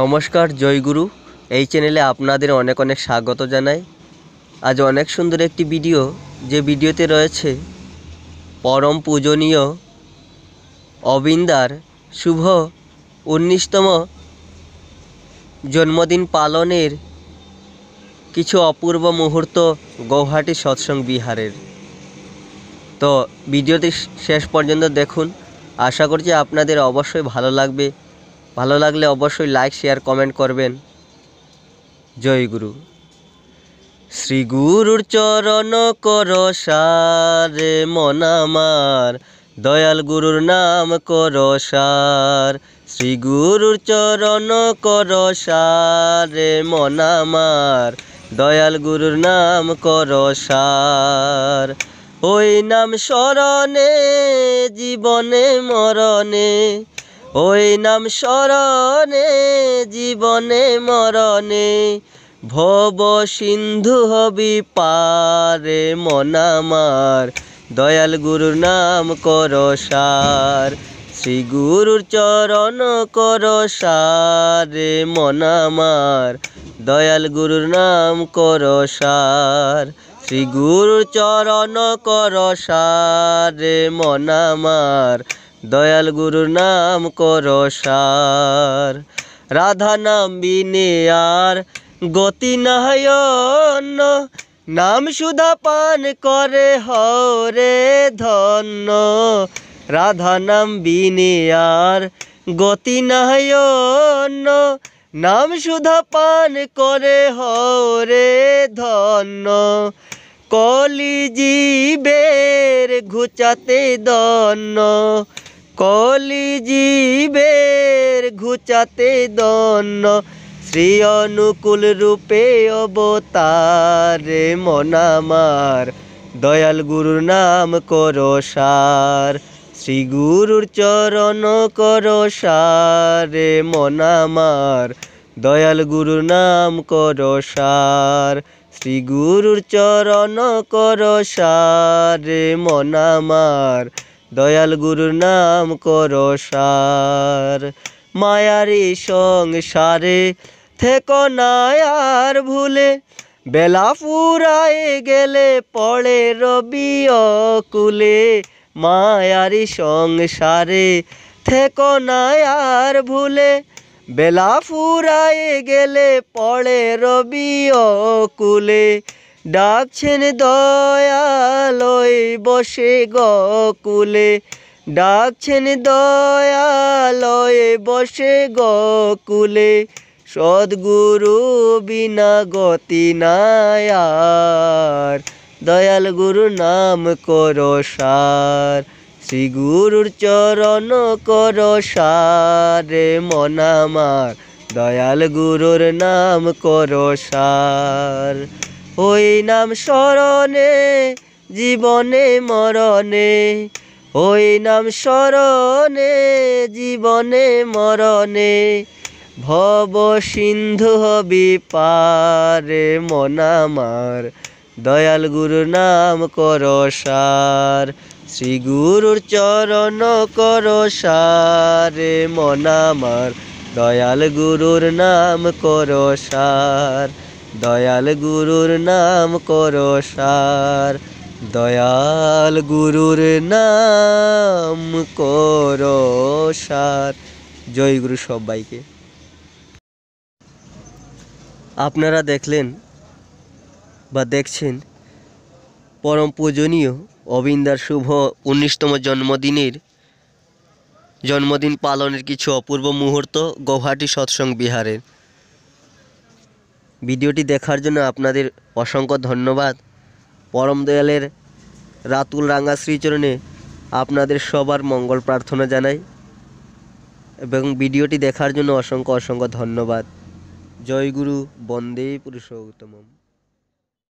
নমস্কার জয়গুরু এই চ্যানেলে আপনাদের অনেক অনেক স্বাগত জানাই আজ অনেক সুন্দর একটি ভিডিও যে ভিডিওতে রয়েছে পরম পূজনীয় অবিন্দার শুভ উনিশতম জন্মদিন পালনের কিছু অপূর্ব মুহূর্ত গৌহাটি সৎসং বিহারের তো ভিডিওটি শেষ পর্যন্ত দেখুন আশা করছি আপনাদের অবশ্যই ভালো লাগবে ভালো লাগলে অবশ্যই লাইক শেয়ার কমেন্ট করবেন জয় গুরু শ্রী গুরুর চরণ কর সারে মন আমার দয়াল গুরুর নাম কর সার শ্রী গুরুর চরণ কর সারে মন আমার দয়াল গুরুর নাম কর সার ওই নাম স্মরণে জীবনে মরণে ওই নাম স্মরণে জীবনে মরণে ভব সিন্ধু হবি পারে মনামার দয়াল গুরুর নাম কর সার শ্রী গুরুর চরণ কর সারে মনামার দয়াল গুরুর নাম কর সার শ্রী গুরুর চরণ কর সারে মনামার দয়াল গুরুর নাম কর সার রাধা নাম বিনে আর গতি নাহয়ন নাম সুধা পান করে হরে ধন্য রাধা নাম বিনে আর গতি নাহয়ন নাম সুধা পান করে হরে ধন্য কলি জীবের ঘুচাতে দন্য কলি জীবের ঘুচাতে দন্ন শ্রী অনুকূল রূপে অবতার মনামার দয়াল গুরুর নাম করো সার শ্রী গুরুর চরণ করো সারে মনামার দয়াল গুরুর নাম করো সার শ্রী গুরুর চরণ করো সারে মনামার দয়াল গুরুর নাম করসার সার মায়ারি সংসারে থেক নায়ার ভুলে বেলা ফুরায়ে গেলে পড়ে রবি কুলে মায়ারি সংসারে থেক নায়ার ভুলে বেলা ফুরায়ে গেলে পড়ে রবি কুলে ডাকছেন দয়ালয় বসে গকুলে ডাকছেন দয়ালয় বসে গকুলে সদগুরু বিনা গতি নায়ার দয়াল গুরু নাম কর সার শ্রী গুরুর চরণ কর সারে মনামার দয়াল গুরুর নাম কর সার ওই নাম স্মরণে জীবনে মরণে ওই নাম স্মরণে জীবনে মরণে ভব সিন্ধু হবি পারে মনামার দয়াল গুরু নাম কর সার শ্রী গুরুর চরণ কর সারে মনামার দয়াল গুরুর নাম কর সার দয়াল গুরুর নাম করো সার দয়াল গুরুর নাম করো সার জয় গুরু সবাইকে আপনারা দেখলেন বা দেখছেন পরম পূজনীয় অবিন্দার শুভ উনিশতম জন্মদিনের জন্মদিন পালনের কিছু অপূর্ব মুহূর্ত গৌহাটি সৎসং বিহারের ভিডিওটি দেখার জন্য আপনাদের অসংখ্য ধন্যবাদ পরম দয়ালের রাতুল রাঙা শ্রীচরণে আপনাদের সবার মঙ্গল প্রার্থনা জানাই এবং ভিডিওটি দেখার জন্য অসংখ্য অসংখ্য ধন্যবাদ জয় গুরু বন্দে পুরুষোত্তমম